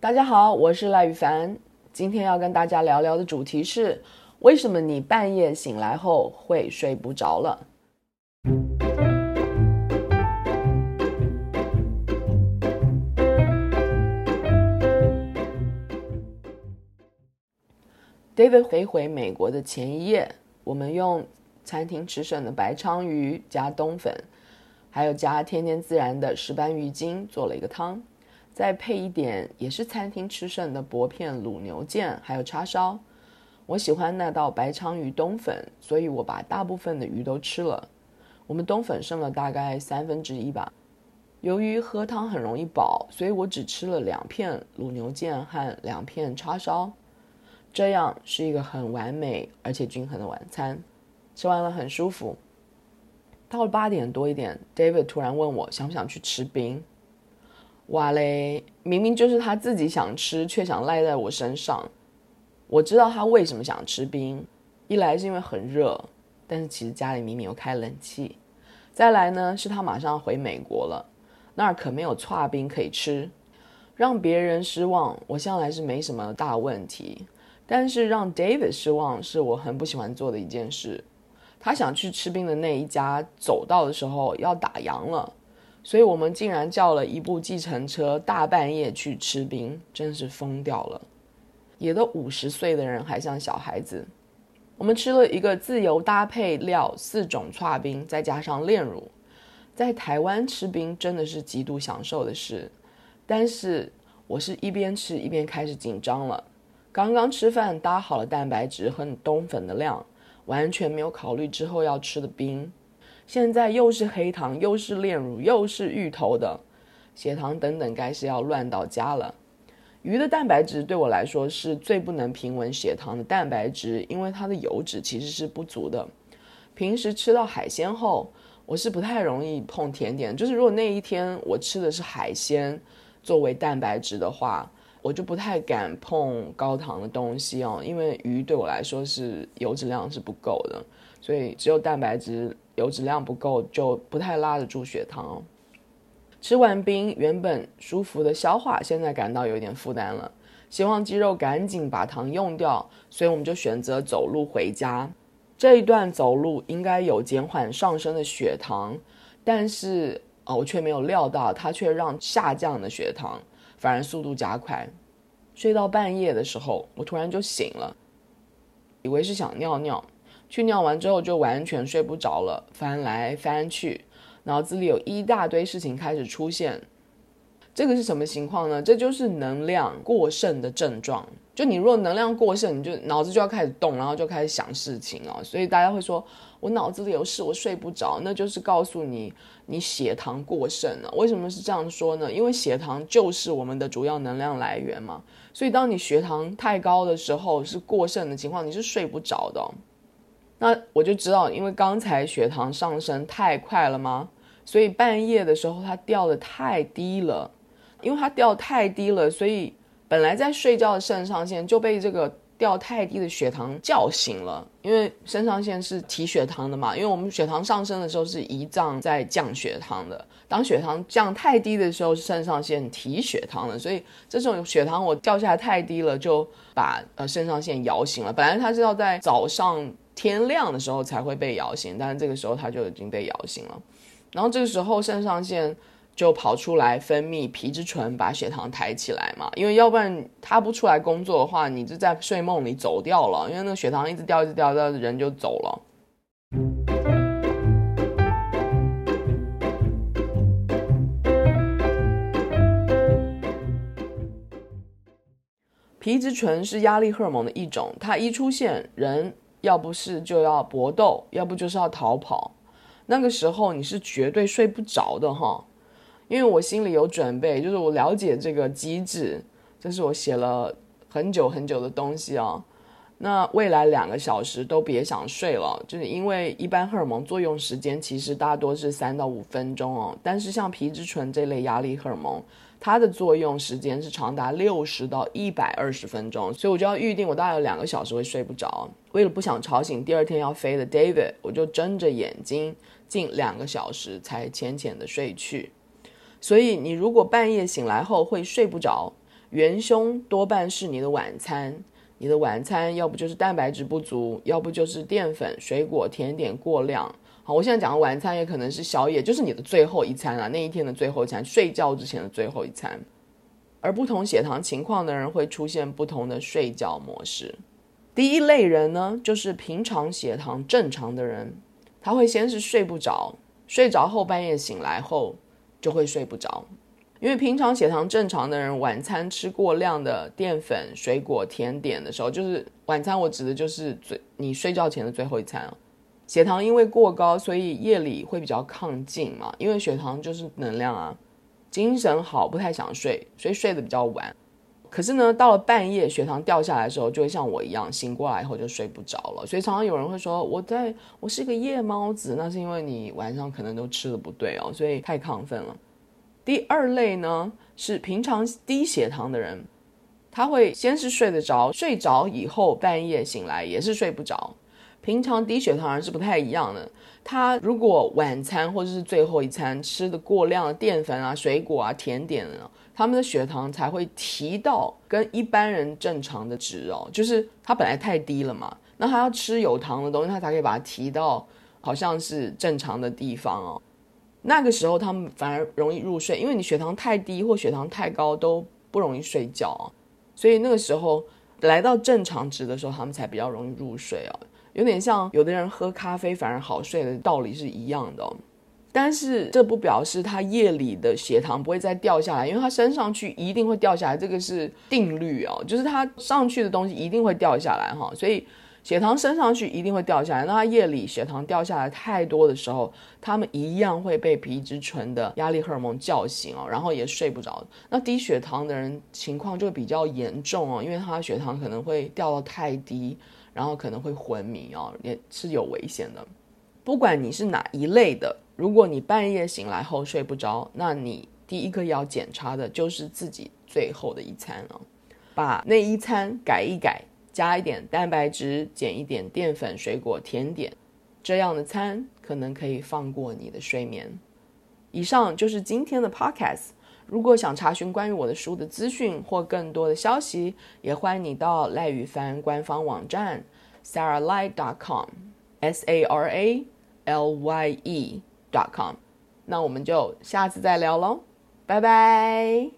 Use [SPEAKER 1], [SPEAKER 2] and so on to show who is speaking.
[SPEAKER 1] 大家好，我是賴宇凡。今天要跟大家聊聊的主題是：為什麼你半夜醒來後會睡不着了？David 飛回，回美國的前一夜，我們用餐廳吃剩的白鯧魚加冬粉，還有加天天自然的石斑魚精做了一個湯。再配一點，也是餐廳吃剩的薄片滷牛腱，還有叉燒。我喜歡那道白鯧魚冬粉，所以我把大部分的魚都吃了。我們冬粉剩了大概三分之一吧。由於喝湯很容易飽，所以我只吃了兩片滷牛腱和兩片叉燒。這樣是一個很完美而且均衡的晚餐，吃完了很舒服。到了八點多一點，David 突然問我想不想去吃冰。哇嘞！明明就是他自己想吃，卻想賴在我身上。我知道他為什麼想吃冰，一來是因為很熱，但是其實家裡明明有開冷氣；再來呢，是他馬上要回美國了，那兒可沒有剉冰可以吃。讓別人失望，我向來是沒什麼大問題，但是讓 David 失望是我很不喜歡做的一件事。他想去吃冰的那一家走到的時候要打烊了。所以我們竟然叫了一部計程車，大半夜去吃冰，真是瘋掉了！也都五十歲的人，還像小孩子。我們吃了一個自由搭配料，四種剉冰，再加上煉乳。在台灣吃冰真的是極度享受的事，但是我是一邊吃一邊開始緊張了。剛剛吃飯搭好了蛋白質和你冬粉的量，完全沒有考慮之後要吃的冰。現在又是黑糖，又是煉乳，又是芋頭的，血糖等等，該是要亂到家了。魚的蛋白質對我來說是最不能平穩血糖的蛋白質，因為它的油脂其實是不足的。平時吃到海鮮後，我是不太容易碰甜點，就是如果那一天我吃的是海鮮作為蛋白質的話，我就不太敢碰高糖的東西哦，因為魚對我來說是油脂量是不夠的。所以只有蛋白質、油脂量不夠，就不太拉得住血糖。吃完冰，原本舒服的消化，現在感到有點負擔了。希望肌肉趕緊把糖用掉，所以我們就選擇走路回家。這一段走路應該有減緩上升的血糖，但是哦，我卻沒有料到，它卻讓下降的血糖反而速度加快。睡到半夜的時候，我突然就醒了，以為是想尿尿。去尿完之後就完全睡不着了，翻來翻去，腦子裡有一大堆事情開始出現。這個是什麼情況呢？這就是能量過剩的症狀。就你如果能量過剩，你就腦子就要開始動，然後就開始想事情了哦。所以大家會說，我腦子裡有事，我睡不着，那就是告訴你你血糖過剩了。為什麼是這樣說呢？因為血糖就是我們的主要能量來源嘛。所以當你血糖太高的時候，是過剩的情況，你是睡不着的哦。那我就知道，因為剛才血糖上升太快了嗎，所以半夜的時候它掉得太低了，因為它掉太低了，所以本來在睡覺的腎上腺就被這個掉太低的血糖叫醒了。因為腎上腺是提血糖的嘛，因為我們血糖上升的時候是胰臟在降血糖的，當血糖降太低的時候，腎上腺提血糖的，所以這種血糖我掉下來太低了，就把呃腎上腺搖醒了。本來它是要在早上。天亮的時候才會被搖醒，但是這個時候他就已經被搖醒了，然後這個時候腎上腺就跑出來分泌皮質醇，把血糖抬起來嘛，因為要不然他不出來工作的話，你就在睡夢裡走掉了，因為那血糖一直掉，一直掉，掉人就走了。皮質醇是壓力荷爾蒙的一種，它一出現人。要不是就要搏鬥，要不就是要逃跑。那個時候你是絕對睡不着的哈，因為我心裡有準備，就是我了解這個機制，這是我寫了很久很久的東西啊。那未來兩個小時都別想睡了，就是因為一般荷爾蒙作用時間其實大多是三到五分鐘哦、啊，但是像皮質醇這類壓力荷爾蒙。它的作用時間是長達六十到一百二十分鐘，所以我就要預定，我大概有兩個小時會睡不着。為了不想吵醒第二天要飛的 David，我就睜着眼睛近兩個小時才淺淺的睡去。所以你如果半夜醒來後會睡不着，元兇多半是你的晚餐。你的晚餐要不就是蛋白質不足，要不就是澱粉、水果、甜點過量。好，我現在講的晚餐也可能是宵夜，就是你的最後一餐啊，那一天的最後一餐，睡覺之前的最後一餐。而不同血糖情況的人會出現不同的睡覺模式。第一類人呢，就是平常血糖正常的人，他會先是睡不着，睡着後半夜醒來後就會睡不着，因為平常血糖正常的人晚餐吃過量的澱粉、水果、甜點的時候，就是晚餐，我指的就是最你睡覺前的最後一餐。血糖因為過高，所以夜裡會比較亢進嘛，因為血糖就是能量啊，精神好，不太想睡，所以睡得比較晚。可是呢，到了半夜血糖掉下來的時候，就會像我一樣，醒過來以後就睡不着了。所以常常有人會說，我在我是一個夜貓子，那是因為你晚上可能都吃得不對哦，所以太亢奮了。第二類呢，是平常低血糖的人，他會先是睡得着，睡着以後半夜醒來也是睡不着。平常低血糖人是不太一樣的。他如果晚餐或者是最後一餐吃的過量的澱粉啊、水果啊、甜點啊，他們的血糖才會提到跟一般人正常的值哦。就是他本來太低了嘛，那他要吃有糖的東西，他才可以把它提到好像是正常的地方哦。那個時候他們反而容易入睡，因為你血糖太低或血糖太高都不容易睡覺哦，所以那個時候來到正常值的時候，他們才比較容易入睡哦。有點像有的人喝咖啡反而好睡的道理是一樣的哦，但是這不表示他夜裡的血糖不會再掉下來，因為他升上去一定會掉下來，這個是定律哦，就是他上去的東西一定會掉下來哈哦，所以血糖升上去一定會掉下來，那他夜裡血糖掉下來太多的時候，他們一樣會被皮質醇的壓力荷爾蒙叫醒哦，然後也睡不着。那低血糖的人情況就會比較嚴重哦，因為他的血糖可能會掉到太低。然後可能會昏迷哦，也是有危險的。不管你是哪一類的，如果你半夜醒來後睡不着，那你第一個要檢查的就是自己最後的一餐哦。把那一餐改一改，加一點蛋白質，減一點澱粉、水果、甜點，這樣的餐可能可以放過你的睡眠。以上就是今天的 podcast。如果想查詢關於我的書的資訊或更多的消息，也歡迎你到賴宇凡官方網站 saralye.com s a r a l y e dot com。那我們就下次再聊嘍，拜拜。